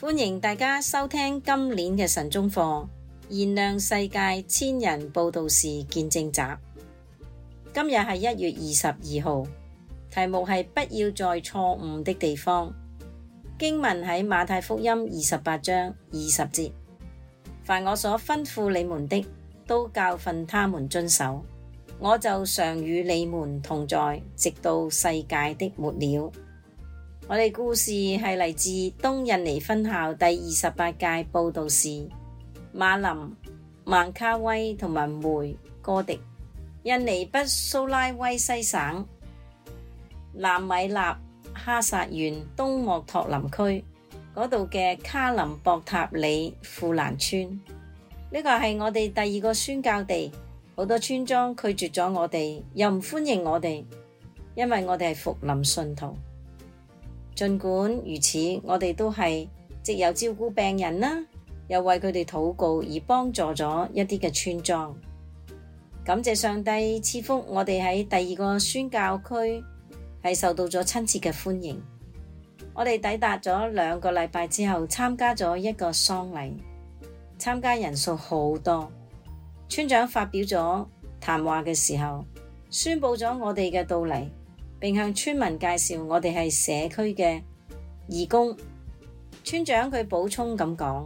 歡迎大家收聽今年嘅晨鐘課《燃亮世界千人佈道士見證集》。今日係一月二十二號，題目係不要在錯誤的地方。經文喺馬太福音二十八章二十節：凡我所吩咐你們的，都教訓他們遵守。我就常與你們同在，直到世界的末了。我哋故事係嚟自東印尼分校第二十八屆佈道士馬林曼卡威同埋梅哥迪，印尼北蘇拉威西省南米納哈薩縣東莫托林區嗰度嘅卡林博塔里富蘭村，呢、這個係我哋第二個宣教地。好多村莊拒絕咗我哋，又唔歡迎我哋，因為我哋係復臨信徒。儘管如此，我哋都係藉由照顧病人啦，又為佢哋禱告而幫助咗一啲嘅村莊。感謝上帝賜福，我哋喺第二個宣教區係受到咗親切嘅歡迎。我哋抵達咗兩個禮拜之後，參加咗一個喪禮，參加人數好多。村長發表咗談話嘅時候，宣布咗我哋嘅到嚟。並向村民介紹我哋係社區嘅義工。村長佢補充咁講：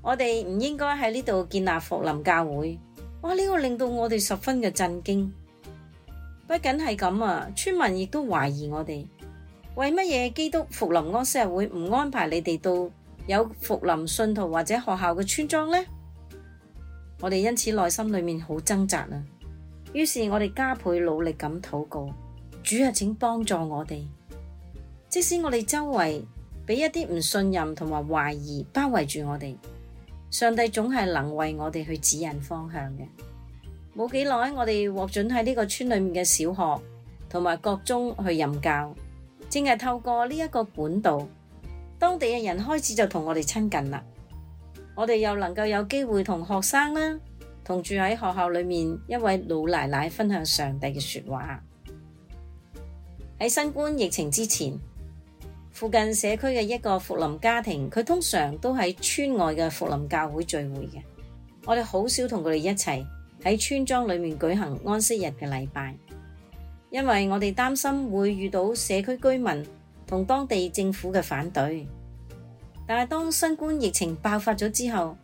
我哋唔應該喺呢度建立復臨教會。哇！呢、這個令到我哋十分嘅震驚。不僅係咁啊，村民亦都懷疑我哋：「為乜嘢基督復臨安息日會唔安排你哋到有復臨信徒或者學校嘅村莊呢？」我哋因此內心裏面好掙扎啊！於是，我哋加倍努力咁禱告。主啊，請幫助我哋，即使我哋周圍俾一啲唔信任同埋懷疑包圍住我哋，上帝總係能為我哋去指引方向嘅。冇幾耐，我哋獲准喺呢個村裏面嘅小學同埋國中去任教，淨係透過呢一個管道，當地嘅人開始就同我哋親近啦。我哋又能夠有機會同學生啦，同住喺學校裏面一位老奶奶分享上帝嘅說話。喺新冠疫情之前，附近社區嘅一個福林家庭，佢通常都喺村外嘅福林教會聚會嘅。我哋好少同佢哋一齊喺村莊裏面舉行安息日嘅禮拜，因為我哋擔心會遇到社區居民同當地政府嘅反對。但係當新冠疫情爆發咗之後，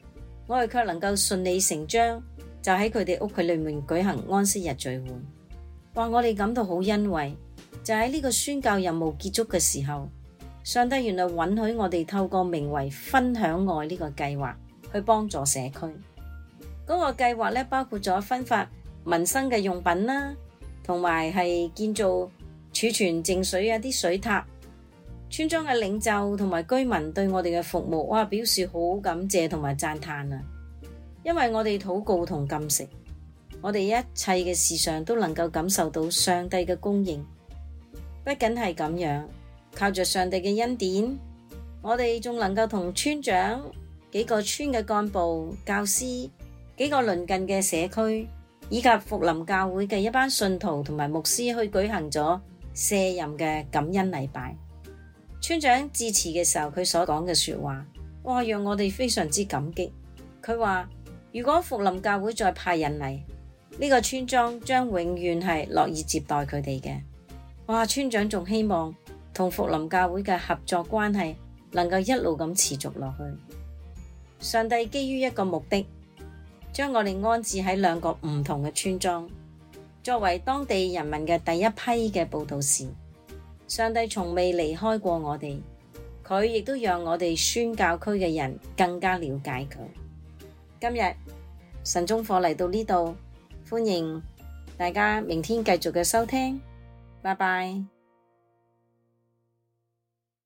我哋卻能夠順理成章就喺佢哋屋企裏面舉行安息日聚會。哇！我哋感到好欣慰。就喺呢個宣教任務結束嘅時候，上帝原來允許我哋透過名為分享愛呢個計劃去幫助社區。嗰、那個計劃咧包括咗分發民生嘅用品啦，同埋係建造儲存淨水一啲水塔。村莊嘅領袖同埋居民對我哋嘅服務，哇，表示好感謝同埋讚嘆啊！因為我哋禱告同禁食，我哋一切嘅事上都能夠感受到上帝嘅供應。不僅係噉樣，靠着上帝嘅恩典，我哋仲能夠同村長、幾個村嘅幹部、教師、幾個鄰近嘅社區以及福林教會嘅一班信徒同埋牧師去舉行咗卸任嘅感恩禮拜。村長致辭嘅時候，佢所講嘅說話，哇，讓我哋非常之感激。佢話：如果福林教會再派人嚟，呢個村莊將永遠係樂意接待佢哋嘅。哇！村長仲希望同福林教會嘅合作關係能夠一路咁持續落去。上帝基於一個目的，將我哋安置喺兩個唔同嘅村莊，作為當地人民嘅第一批嘅佈道士。上帝從未離開過我哋，佢亦都讓我哋宣教區嘅人更加了解佢。今日晨鐘課嚟到呢度，歡迎大家明天繼續嘅收聽。拜拜。